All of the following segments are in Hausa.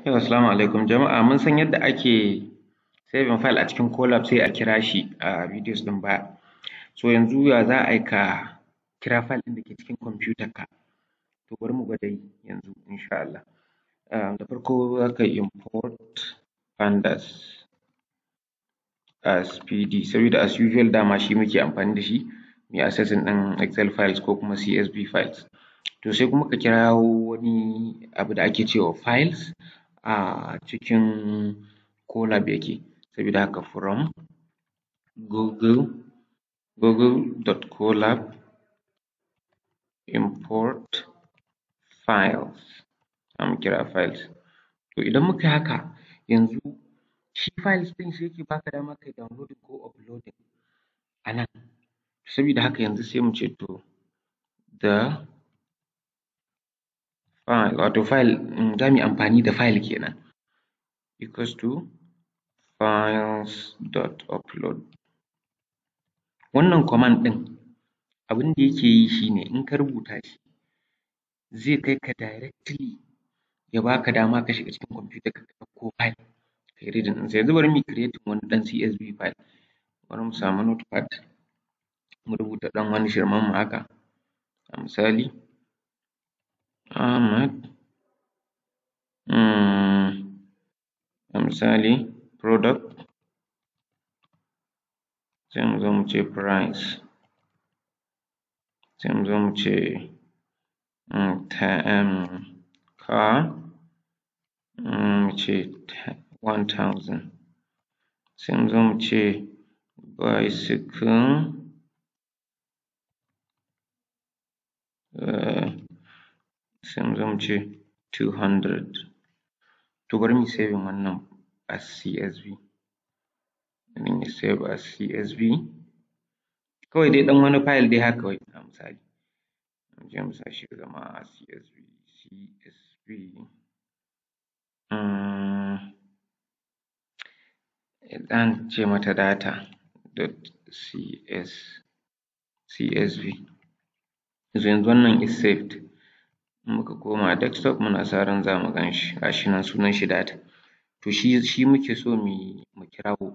Yau assalamu alaikum jama'a mun san yadda ake saving file a cikin Colab sai a kira shi a videos ɗin baya. So yanzu ya za a yi ka kira file ɗin da ke cikin kwamfutar ka? To bari mu gwada yi yanzu insha Allah. Ah, da farko za ka yi import pandas as pd saboda as usual dama shi muke amfani da shi Mu yi accessing ɗin excel files ko kuma csv files. To sai kuma ka kirawo wani abu da ake cewa files a cikin kolab yake, sabida haka from google google.colab import files zamu kira files. To idan yi haka yanzu shi files ɗin shi yake baka dama kai downloading ko uploading a sabida haka yanzu sai mu ce to the wato file mm, za mu yi amfani da file kenan equals to files dot upload wannan command ɗin abin da yake yi shine in ka rubuta shi zai kai ka directly ya baka dama ka shiga cikin computer ka ɗauko file kai reading ɗinsa yanzu bari mu yi creating wani ɗan CSV file bari mu samu notepad mu rubuta ɗan wani shirmen mu haka a misali Ahmad um, hmm. misali product sai mu zo mu price sai mu zo um, um, car mu ce 1000 sai mu zo mu bicycle uh, sai mu zo mu ce two hundred to bari mu saving wannan as CSV bari mu save as CSV kawai dai ɗan wani file dai haka kawai. a misali mu je mu sa shi zama a CSV CSV ɗan mm. ce mata data dot CS CSV yanzu wannan is saved muka koma desktop muna sa ran za mu gan shi ga shi nan sunan shi data to shi shi muke so mu mu kirawo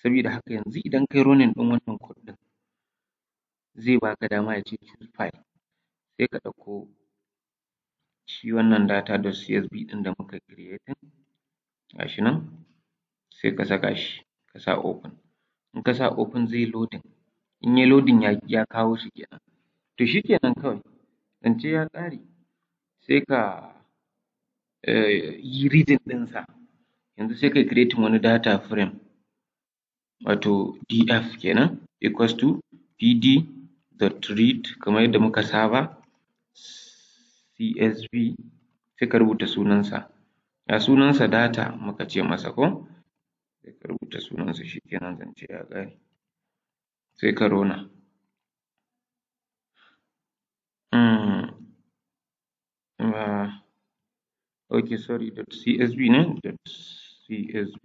sabida haka yanzu idan kai running ɗin wannan code ɗin zai baka dama ya ce choose file sai ka ɗauko shi wannan data dot csv ɗin da muka creating ga shi nan sai ka saka shi ka sa open in ka sa open zai loading in yai loading ya kawo shi kenan to shi kenan kawai zance ya ƙare sai ka eh, yi reading ɗinsa yanzu sai kai creating wani data frame wato df kenan equals to pd dot read kamar yadda muka saba csv sai ka rubuta sunansa Ya sunansa data muka ce masa ko sai ka rubuta sunansa kenan zance ya kare. sai ka rona uh, okay sorry dot csv ne dot csv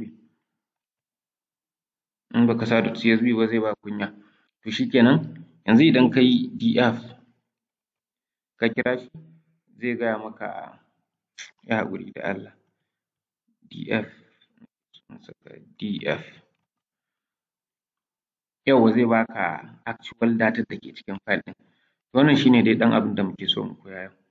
in baka sa dot csv ba zai ba kunya to shikenan yanzu idan ka yi df ka kira shi zai gaya maka ya haƙuri da Allah df df yauwa zai baka actual data da ke cikin file ɗin wannan shine dai dan abin da muke so mu koya yau